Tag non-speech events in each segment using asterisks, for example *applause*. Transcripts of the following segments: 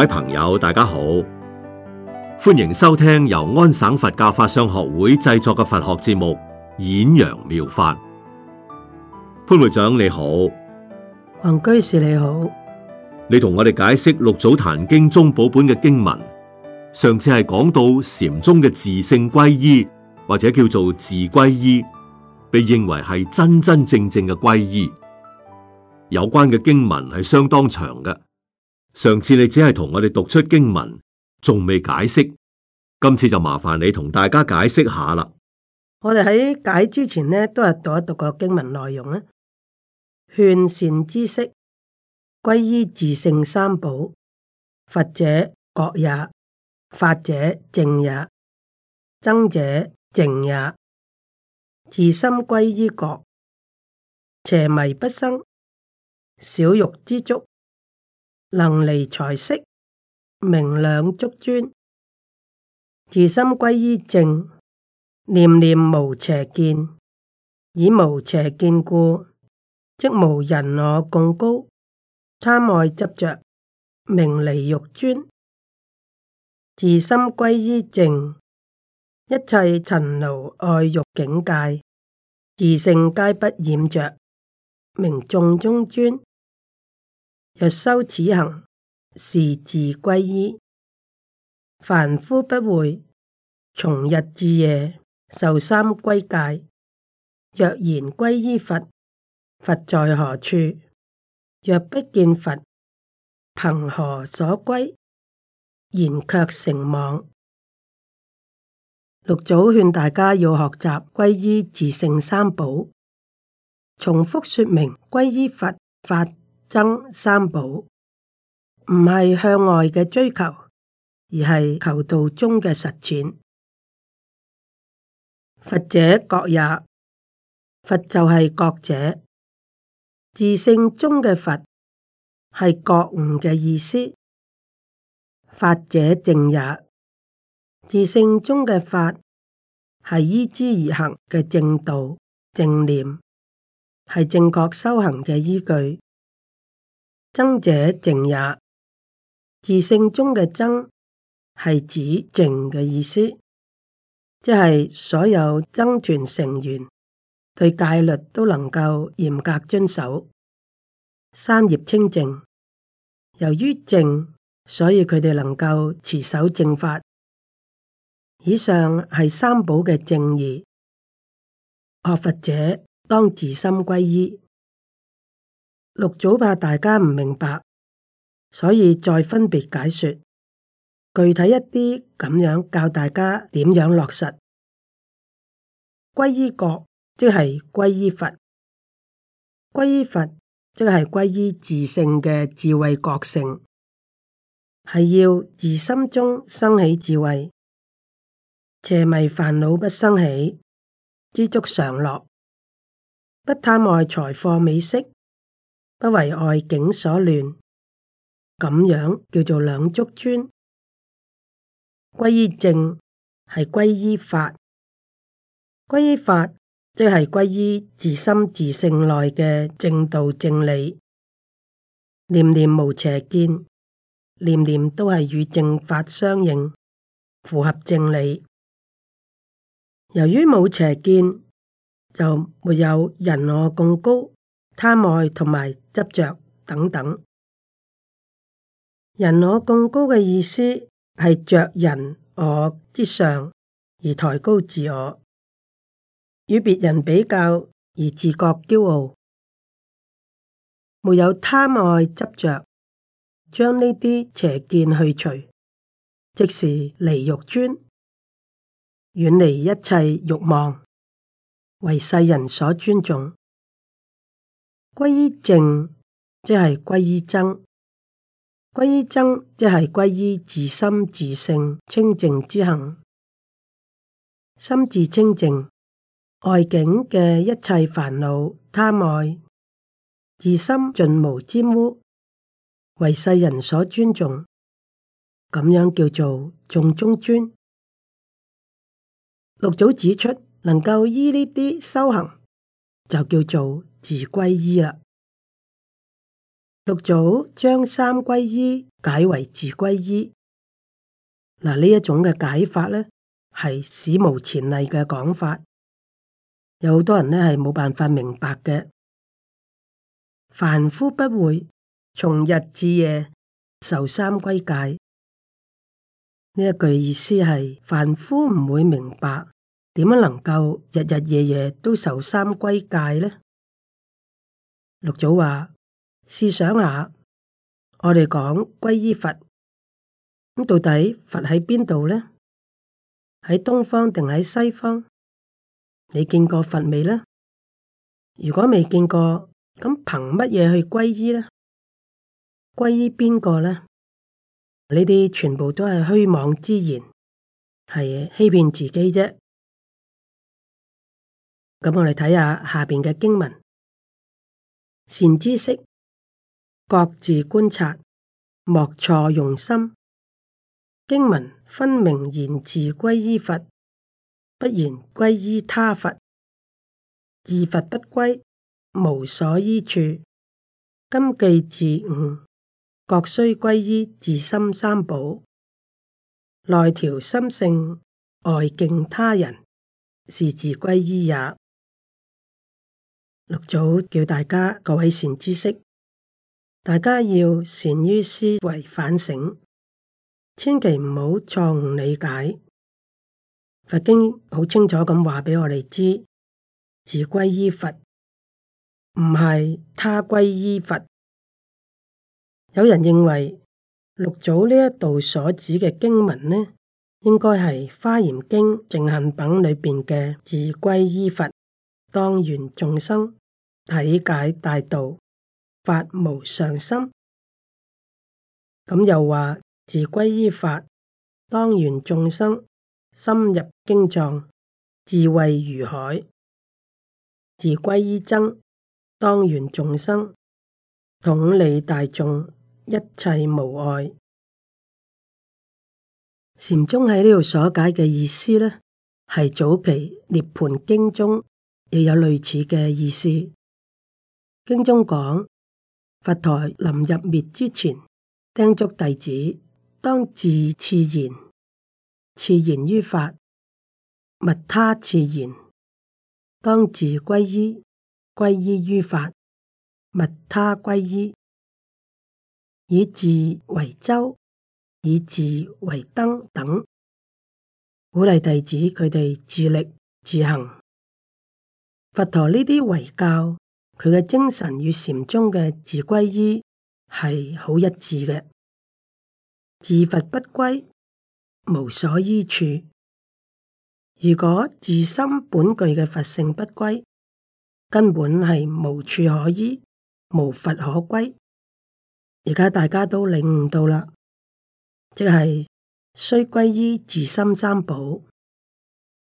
各位朋友，大家好，歡迎收聽由安省佛教法相學會製作嘅佛學節目《演揚妙，妙法》。潘會長你好，黃居士你好，你同我哋解釋《六祖壇經》中寶本嘅經文。上次係講到禪宗嘅自性歸依，或者叫做自歸依，被認為係真真正正嘅歸依。有關嘅經文係相當長嘅。上次你只係同我哋讀出經文，仲未解釋今次就麻煩你同大家解釋下啦。我哋喺解之前呢，都係讀一讀個經文內容啊。勸善知識，歸依自性三寶。佛者覺也，法者正也，僧者淨也。自心歸依覺，邪迷不生，少欲知足。能離財色，名兩足尊。自心歸於淨，念念無邪見，以無邪見故，即無人我、貢高、貪愛執着，名離欲尊。自心歸於淨，一切塵勞愛欲境界，自性皆不染着，名眾中尊。若修此行，是自歸依。凡夫不會從日至夜，受三歸戒。若言歸依佛，佛在何處？若不見佛，憑何所歸？言卻成妄。六祖勸大家要學習歸依自性三寶，重複說明歸依佛法。爭三寶，唔係向外嘅追求，而係求道中嘅實踐。佛者覺也，佛就係覺者。自性中嘅佛係覺悟嘅意思。法者正也，自性中嘅法係依之而行嘅正道、正念，係正確修行嘅依據。僧者淨也，自性中嘅僧係指淨嘅意思，即係所有僧團成員對戒律都能夠嚴格遵守，三業清淨。由於淨，所以佢哋能夠持守正法。以上係三寶嘅正義，學佛者當自心歸依。六祖怕大家唔明白，所以再分別解說，具體一啲咁樣教大家點樣落實。歸依覺即係歸依佛，歸依佛即係歸依自性嘅智慧覺性，係要自心中生起智慧，邪迷煩惱不生起，知足常樂，不貪愛財貨美色。.不為外境所亂，咁樣叫做兩足尊。歸依正，係歸依法，歸依法即係歸於自心自性內嘅正道正理。念念無邪見，念念都係與正法相應，符合正理。由於冇邪見，就沒有人我貢高。貪愛同埋執着等等，人我更高嘅意思係着人我之上而抬高自我，與別人比較而自覺驕傲。沒有貪愛執着，將呢啲邪見去除，即是離欲尊，遠離一切欲望，為世人所尊重。歸依淨，即係歸依僧；歸依僧，即係歸依自心自性清淨之行。心自清淨，外境嘅一切煩惱貪愛，自心盡無沾污，為世人所尊重。咁樣叫做眾中尊。六祖指出，能夠依呢啲修行，就叫做。自歸依啦，六祖將三歸依解為自歸依。嗱，呢一種嘅解法咧，係史無前例嘅講法，有好多人咧係冇辦法明白嘅。凡夫不會從日至夜受三歸戒。呢一句意思係，凡夫唔會明白點樣能夠日日夜夜都受三歸戒咧。六祖話：試想下，我哋講歸依佛，咁到底佛喺邊度咧？喺東方定喺西方？你見過佛未咧？如果未見過，咁憑乜嘢去歸依咧？歸依邊個咧？你哋全部都係虛妄之言，係欺騙自己啫。咁我哋睇下下邊嘅經文。善知識，各自觀察，莫錯用心。經文分明言自歸依佛，不言歸依他佛，自佛不歸，無所依處。今既自悟，各須歸依自心三寶，內調心性，外敬他人，是自歸依也。六祖叫大家各位善知識，大家要善於思維反省，千祈唔好錯誤理解。佛經好清楚咁話畀我哋知，自歸依佛，唔係他歸依佛。有人認為六祖呢一度所指嘅經文呢，應該係《華嚴經》淨行品裏邊嘅自歸依佛，當願眾生。體解大道，法無常心，咁又話自歸依法，當願眾生深入經藏，智慧如海；自歸依僧，當願眾生統理大眾，一切無礙。禪宗喺呢度所解嘅意思咧，係早期涅槃經中亦有類似嘅意思。經中講，佛陀臨入滅之前，叮囑弟子當自熾然，熾然於法，勿他熾然；當自歸依，歸依於法，勿他歸依。以自為舟，以自為燈等，鼓勵弟子佢哋自力自行。佛陀呢啲遺教。佢嘅精神與禪宗嘅自歸依係好一致嘅。自佛不歸，無所依處。如果自心本具嘅佛性不歸，根本係無處可依，無佛可歸。而家大家都領悟到啦，即係需歸依自心三寶，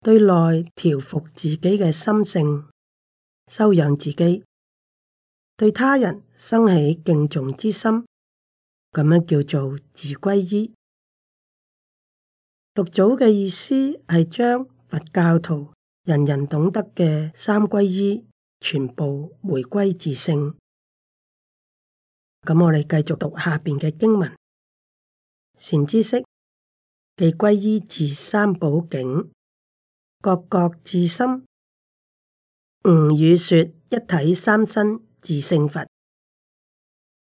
對內調服自己嘅心性，修養自己，對他人生起敬重之心，咁樣叫做自歸依。六祖嘅意思係將佛教徒人人懂得嘅三歸依全部回歸自性。咁我哋繼續讀下邊嘅經文：善知識，既歸依自三寶境，各各自心，吾語說一體三身。自性佛，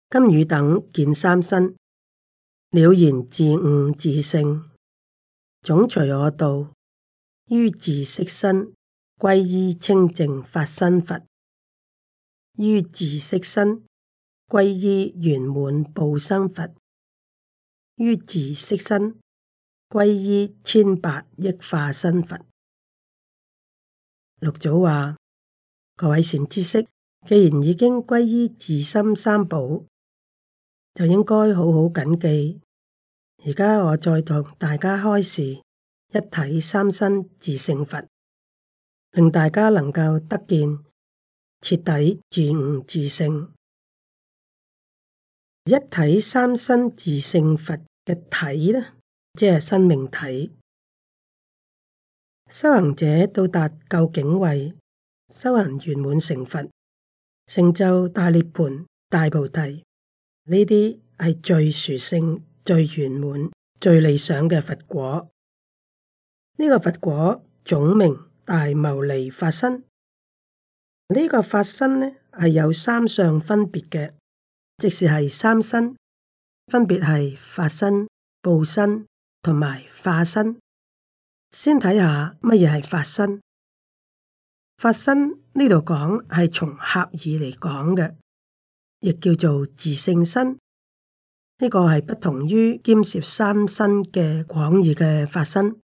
金魚等見三身，了然自悟自性，總隨我道。於自色身歸依清淨法身佛，於自色身歸依圓滿報身佛，於自色身歸依千百億化身佛。六祖話：各位善知識。既然已經歸依自心三寶，就應該好好謹記。而家我再同大家開示一體三身自性佛，令大家能夠得見徹底自悟自性。一體三身自性佛嘅體呢，即係生命體。修行者到達究竟位，修行圓滿成佛。成就大涅槃、大菩提，呢啲係最殊勝、最圓滿、最理想嘅佛果。呢個佛果總名大牟尼法身。呢個法身呢係有三相分別嘅，即是係三身，分別係法身、報身同埋化身。先睇下乜嘢係法身。法身呢度講係從狹義嚟講嘅，亦叫做自性身。呢、這個係不同於兼涉三身嘅廣義嘅法身。呢、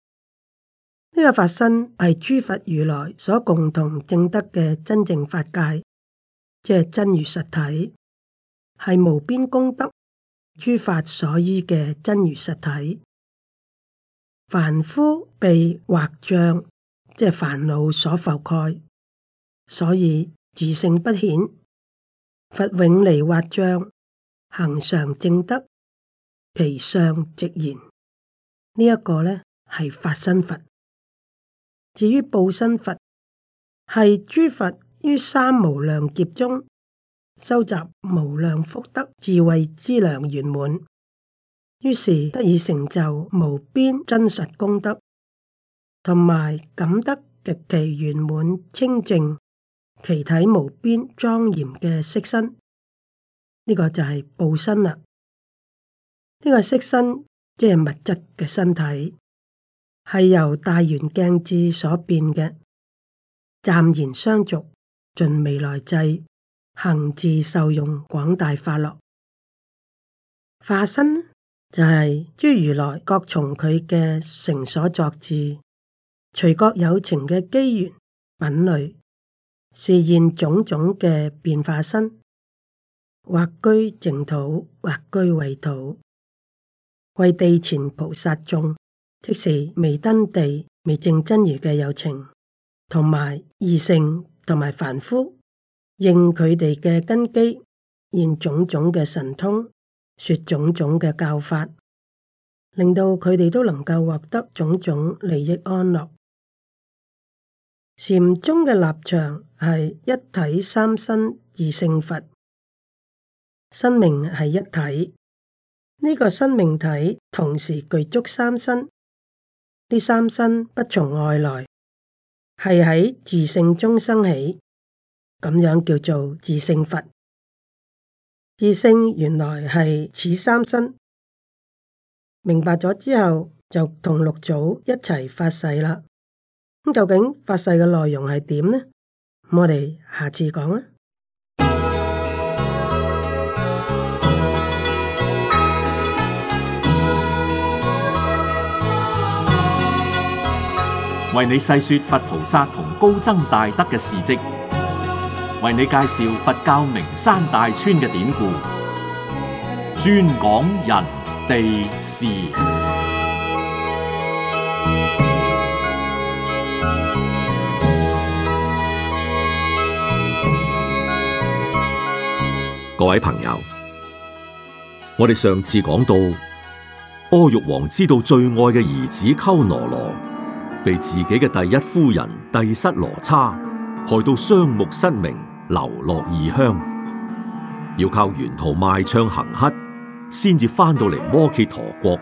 這個法身係諸佛如來所共同證得嘅真正法界，即係真如實體，係無邊功德諸法所依嘅真如實體。凡夫被惑障，即係煩惱所覆蓋。所以自性不顯，佛永離惑障，行上正德，其上直言。呢、這、一個呢係法身佛。至於報身佛，係諸佛於三無量劫中收集無量福德智慧之量圓滿，於是得以成就無邊真實功德，同埋感得極其圓滿清淨。其體無邊莊嚴嘅色身，呢、這個就係報身啦。呢、這個色身即係物質嘅身體，係由大圓鏡智所變嘅，暫然相續，盡未來際，恒自受用廣大法樂。化身就係、是、諸如來各從佢嘅成所作智，隨各有情嘅機緣品類。示現種種嘅變化身，或居淨土，或居穢土，為地前菩薩眾，即是未登地、未證真如嘅有情，同埋二性，同埋凡夫，應佢哋嘅根基，現種種嘅神通，說種種嘅教法，令到佢哋都能夠獲得種種利益安樂。禪宗嘅立場係一體三身自性佛，生命係一體，呢、這個生命體同時具足三身，呢三身不從外來，係喺自性中生起，咁樣叫做自性佛。自性原來係此三身，明白咗之後就同六祖一齊發誓啦。咁究竟發誓嘅內容係點呢？我哋下次講啊！為你細說佛菩薩同高僧大德嘅事跡，為你介紹佛教名山大川嘅典故，專講人地事。各位朋友，我哋上次講到，阿育王知道最愛嘅兒子鳩羅羅被自己嘅第一夫人帝室羅叉害到雙目失明，流落異鄉，要靠沿途賣唱行乞，先至翻到嚟摩羯陀國。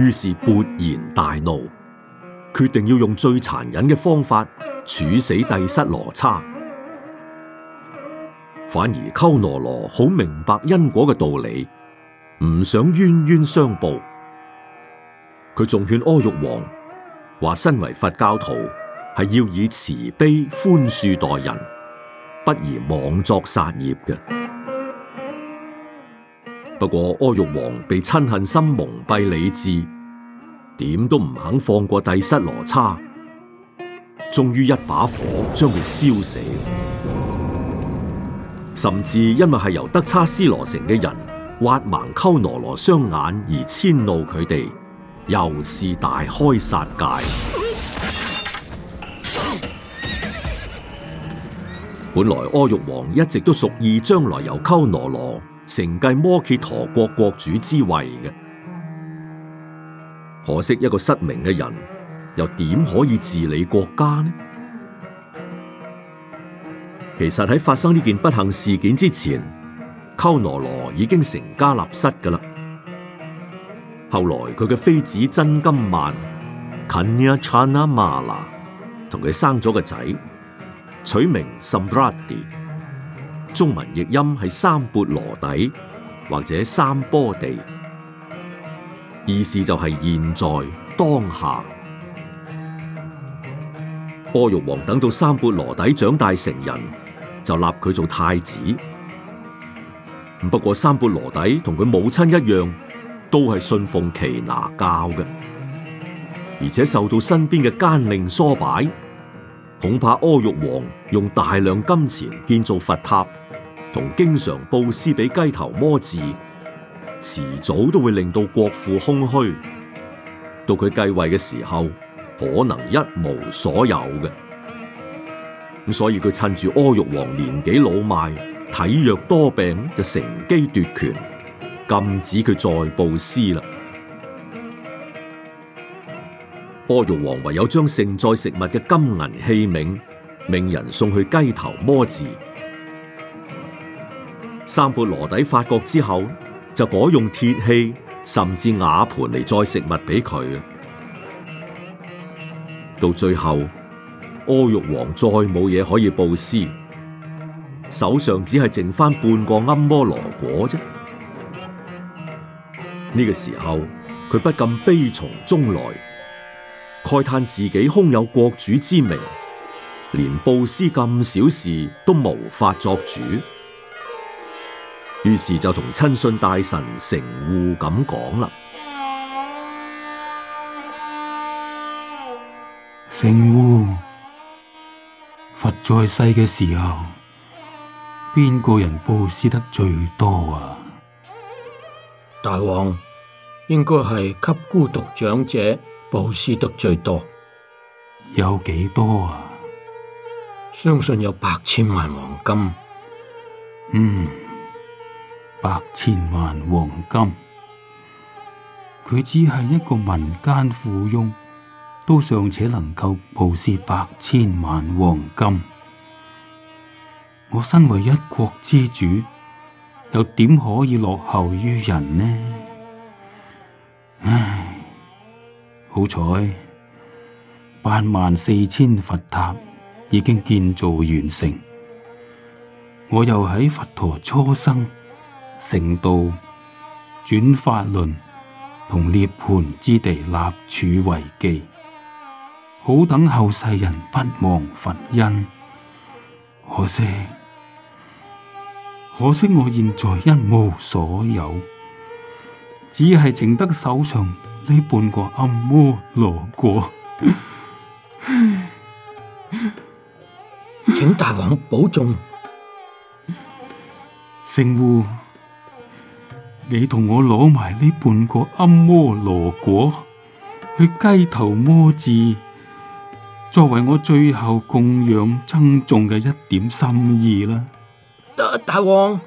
於是勃然大怒，決定要用最殘忍嘅方法處死帝室羅叉。反而鳩羅羅好明白因果嘅道理，唔想冤冤相報。佢仲勸阿育王話：身為佛教徒，係要以慈悲寬恕待人，不宜妄作殺業嘅。不過阿育王被嗔恨心蒙蔽理智，點都唔肯放過帝室羅叉，終於一把火將佢燒死。甚至因為係由德叉斯羅城嘅人挖盲鳩羅羅雙眼而遷怒佢哋，又是大開殺戒。 *laughs* 本來阿育王一直都屬意將來由鳩羅羅承繼摩羯陀國國主之位嘅，可惜一個失明嘅人，又點可以治理國家呢？其實喺發生呢件不幸事件之前，溝羅羅已經成家立室噶啦。後來佢嘅妃子真金曼 （Kanyachana Mala） 同佢生咗個仔，取名 Sombradi，中文譯音係三波羅底或者三波地，意思就係現在當下。波玉王等到三波羅底長大成人。就立佢做太子。不過三缽羅底同佢母親一樣，都係信奉耆那教嘅，而且受到身邊嘅奸佞唆擺，恐怕阿育王用大量金錢建造佛塔，同經常布施俾雞頭摩字，遲早都會令到國庫空虛。到佢繼位嘅時候，可能一無所有嘅。咁所以佢趁住阿育王年紀老邁、體弱多病，就乘機奪權，禁止佢再布施啦。阿育王唯有將盛載食物嘅金銀器皿，命人送去雞頭摩寺。三缽羅底發覺之後，就改用鐵器甚至瓦盤嚟載食物俾佢。到最後。阿育王再冇嘢可以布施，手上只係剩翻半個庵摩羅果啫。呢、這個時候，佢不禁悲從中來，慨嘆自己空有國主之名，連布施咁小事都無法作主。於是就同親信大臣成護咁講啦，成護。佛在世嘅時候，邊個人布施得最多啊？大王，應該係給孤獨長者布施得最多。有幾多啊？相信有百千萬黃金。嗯，百千萬黃金，佢只係一個民間富翁。都尚且能夠布施百千萬黃金，我身為一國之主，又點可以落後於人呢？唉，好彩，八萬四千佛塔已經建造完成，我又喺佛陀初生、成道、轉法輪同涅槃之地立柱為記。好等後世人不忘佛恩，可惜，可惜我現在一無所有，只係剩得手上呢半個庵摩羅果， *laughs* 請大王保重。聖巫， *laughs* 你同我攞埋呢半個庵摩羅果去雞頭摩寺。作為我最後供養僧眾嘅一點心意啦，大王，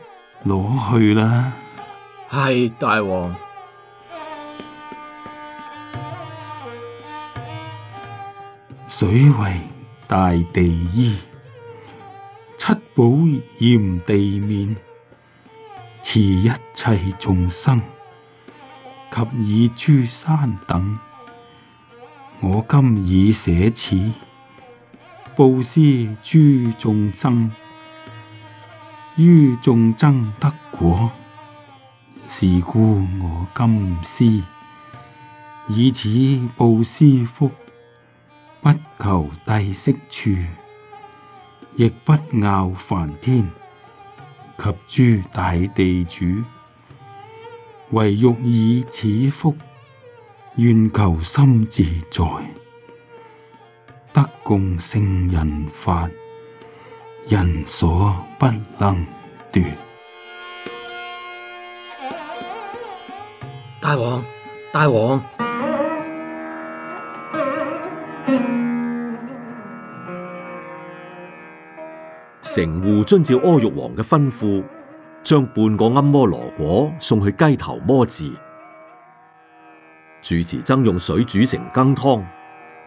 攞去啦。係，大王，水為大地衣，七寶嚴地面，持一切眾生及以諸山等。我今已捨此，布施諸眾生，於眾生得果。是故我今施，以此布施福，不求帝釋處，亦不傲梵天及諸大地主，唯欲以此福。願求心自在，得共聖人法，人所不能斷。大王，大王！城護遵照阿育王嘅吩咐，將半個庵摩羅果送去雞頭摩寺。主持僧用水煮成羹湯，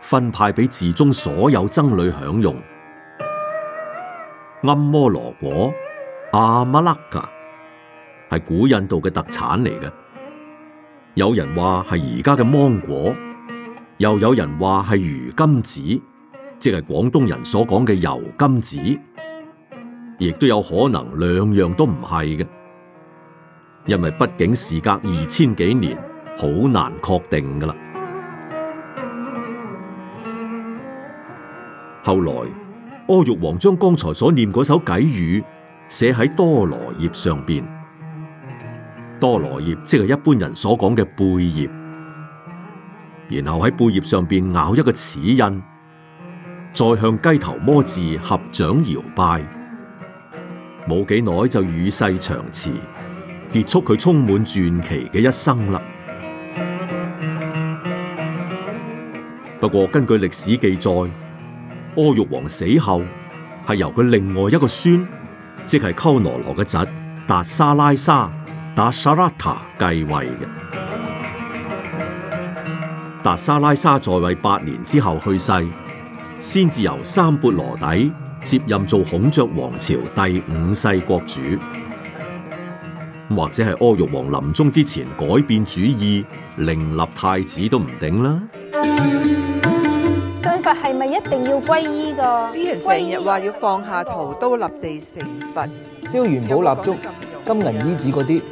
分派俾寺中所有僧侶享用。庵摩羅果（阿摩勒噶）係古印度嘅特產嚟嘅，有人話係而家嘅芒果，又有人話係餘甘子，即係廣東人所講嘅油甘子，亦都有可能兩樣都唔係嘅，因為畢竟時隔二千幾年。好難確定噶啦。後來柯玉皇將剛才所念嗰首偈語寫喺多羅葉上邊，多羅葉即係一般人所講嘅貝葉，然後喺貝葉上邊咬一個齒印，再向雞頭摩字合掌搖拜，冇幾耐就與世長辭，結束佢充滿傳奇嘅一生啦。不過根據歷史記載，阿育王死後係由佢另外一個孫，即係鳩羅羅嘅侄達沙拉沙達沙拉塔繼位嘅。達沙拉沙在位八年之後去世，先至由三鉢羅底接任做孔雀王朝第五世國主，或者係阿育王臨終之前改變主意，另立太子都唔定啦。係咪一定要皈依噶？啲人成日話要放下屠刀，立地成佛，燒元寶蠟燭、金銀衣紙嗰啲，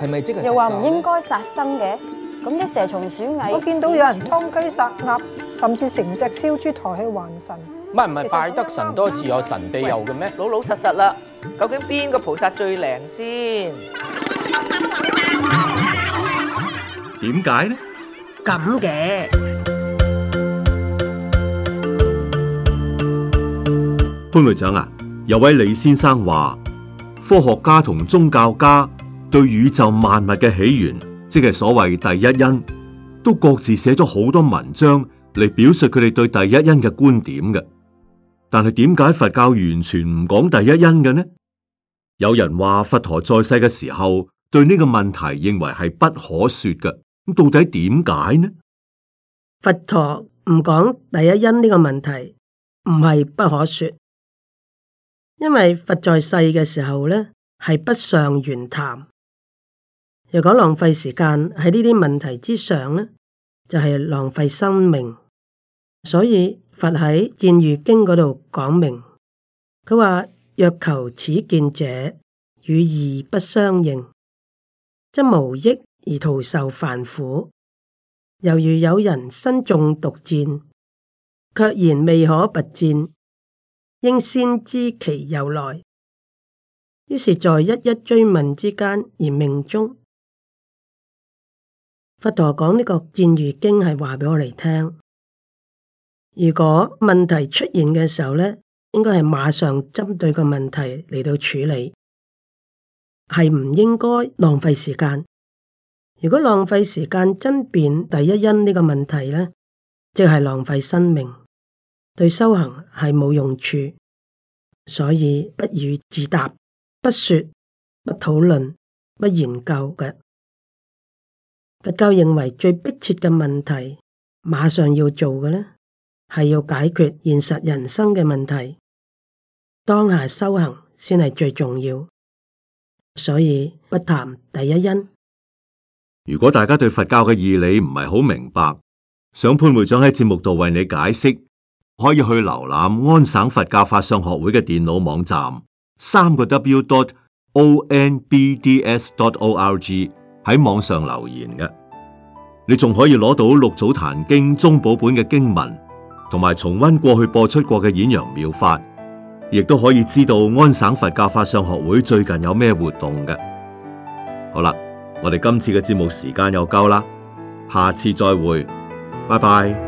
係咪即係？又話唔應該殺生嘅，咁啲蛇蟲鼠蟻，我見到有人當雞殺鴨，甚至成隻燒豬抬去還神。唔係唔係，拜得神多自有神庇佑嘅咩？老老實實啦，究竟邊個菩薩最靈先？點解呢？咁嘅。潘會長啊，有位李先生話，科學家同宗教家對宇宙萬物嘅起源，即係所謂第一因，都各自寫咗好多文章嚟表述佢哋對第一因嘅觀點嘅。但係點解佛教完全唔講第一因嘅呢？有人話佛陀在世嘅時候對呢個問題認為係不可說嘅。咁到底點解呢？佛陀唔講第一因呢個問題，唔係不可說。因為佛在世嘅時候呢，係不上玄談，若講浪費時間喺呢啲問題之上呢，就係、是、浪費生命。所以佛喺《箭喻經》嗰度講明，佢話若求此見者，與義不相應，則無益而徒受煩苦。猶如有人身中毒箭，卻言未可拔箭。應先知其由來，於是在一一追問之間而命終。佛陀講呢、這個《箭喻經》係話畀我哋聽。如果問題出現嘅時候咧，應該係馬上針對個問題嚟到處理，係唔應該浪費時間。如果浪費時間爭辯第一因呢個問題咧，即係浪費生命。對修行係冇用處，所以不予置答，不說、不討論、不研究嘅。佛教認為最迫切嘅問題，馬上要做嘅呢，係要解決現實人生嘅問題，當下修行先係最重要，所以不談第一因。如果大家對佛教嘅義理唔係好明白，想潘會長喺節目度為你解釋。可以去瀏覽安省佛教法相學會嘅電腦網站，三個 W dot O N B D S dot O R G，喺網上留言嘅。你仲可以攞到六祖壇經中寶本嘅經文，同埋重温過去播出過嘅演揚妙法，亦都可以知道安省佛教法相學會最近有咩活動嘅。好啦，我哋今次嘅節目時間又夠啦，下次再會，拜拜。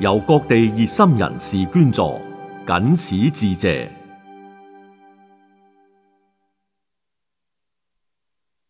由各地熱心人士捐助，謹此致謝。